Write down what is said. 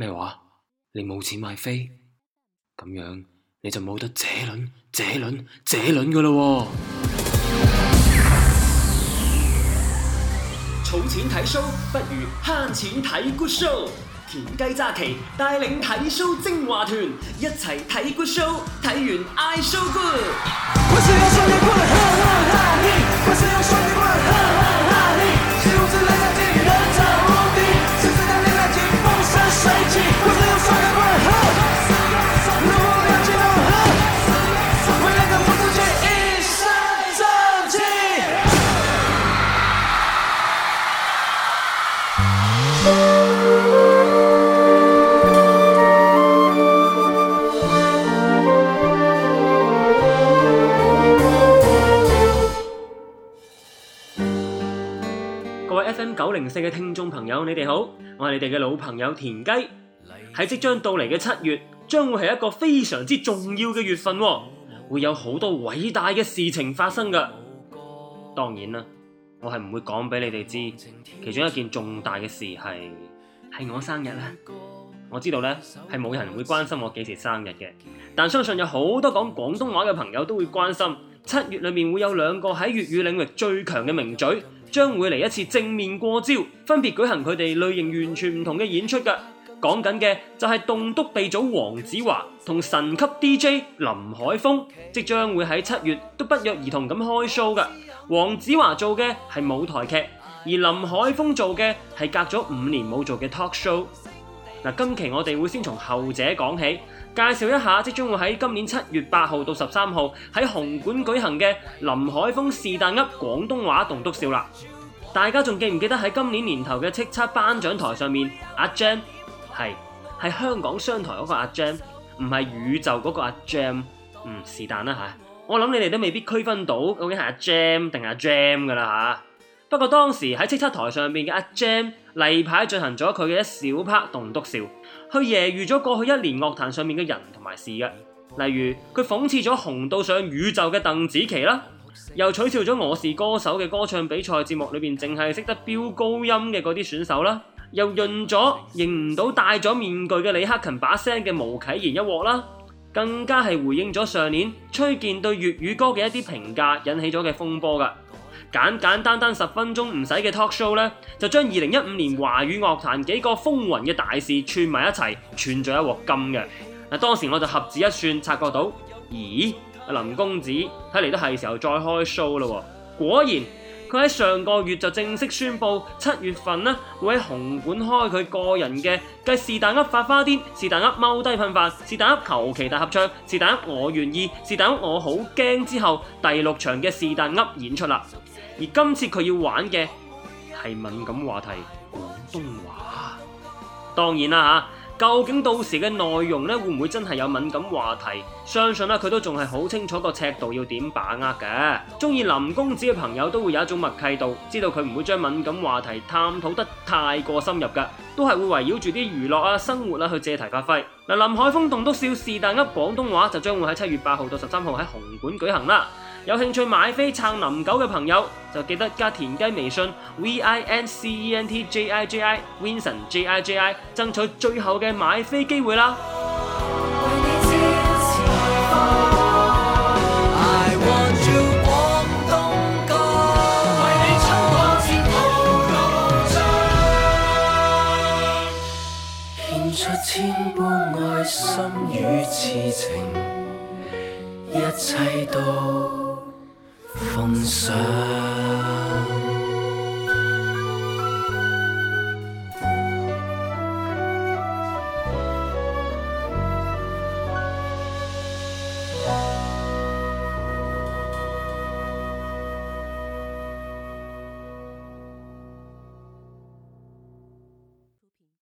咩話？你冇錢買飛，咁樣你就冇得這輪、這輪、這輪噶啦！㖏，儲錢睇 show 不如慳錢睇 good show。田雞揸旗帶領睇 show 精華團，一齊睇 good show，睇完嗌 show good。 各位 FM 九零四嘅聽眾朋友，你哋好，我係你哋嘅老朋友田雞。喺即將到嚟嘅七月，將會係一個非常之重要嘅月份喎，會有好多偉大嘅事情發生㗎。當然啦，我係唔會講俾你哋知。其中一件重大嘅事係係我生日啦。我知道咧係冇人會關心我幾時生日嘅，但相信有好多講廣東話嘅朋友都會關心。七月裏面會有兩個喺粵語領域最強嘅名嘴。將會嚟一次正面過招，分別舉行佢哋類型完全唔同嘅演出嘅。講緊嘅就係棟篤鼻祖黃子華同神級 DJ 林海峰，即將會喺七月都不約而同咁開 show 嘅。黃子華做嘅係舞台劇，而林海峰做嘅係隔咗五年冇做嘅 talk show。嗱，今期我哋會先從後者講起，介紹一下即將會喺今年七月八號到十三號喺紅館舉行嘅林海峰是但噏廣東話棟篤笑啦。大家仲記唔記得喺今年年頭嘅叱咤頒獎台上面，阿 Jam 係係香港商台嗰個阿 Jam，唔係宇宙嗰個阿 Jam。嗯，是但啦吓，我諗你哋都未必區分到究竟係阿 Jam 定阿 Jam 噶啦吓。啊不過當時喺叱咤台上面嘅阿 Gem 例牌進行咗佢嘅一小拍棟篤笑，佢揶揄咗過去一年樂壇上面嘅人同埋事，例如佢諷刺咗紅到上宇宙嘅鄧紫棋啦，又取笑咗我是歌手嘅歌唱比賽節目裏面淨係識得飆高音嘅嗰啲選手啦，又潤咗認唔到戴咗面具嘅李克勤把聲嘅毛啓賢一鑊啦，更加係回應咗上年崔健對粵語歌嘅一啲評價引起咗嘅風波㗎。簡簡單單十分鐘唔使嘅 talk show 咧，就將二零一五年華語樂壇幾個風雲嘅大事串埋一齊，串咗一鑊金嘅。嗱，當時我就合指一算，察覺到，咦，林公子睇嚟都係時候再開 show 啦。果然，佢喺上個月就正式宣布，七月份呢會喺紅館開佢個人嘅《繼是但噏發花癲，是但噏踎低噴飯，是但噏求其大合唱，是但噏我願意，是但噏我好驚》之後，第六場嘅是但噏演出啦。而今次佢要玩嘅係敏感話題廣東話，當然啦，究竟到時嘅內容咧會唔會真係有敏感話題？相信咧佢都仲係好清楚個尺度要點把握嘅。鍾意林公子嘅朋友都會有一種默契度，知道佢唔會將敏感話題探討得太過深入㗎，都係會圍繞住啲娛樂啊，生活啦、啊、去借題發揮。林海峰棟篤笑，是但噏廣東話就將會喺七月八號到十三號喺紅館舉行啦。有興趣買飛撐林狗嘅朋友，就記得加田雞微信 v i n c e n t j i j i，Vincent J I J I 爭取最後嘅買飛機會啦！為你你支持，I want you 廣東歌，獻出千般愛心與痴情，一切都。奉上。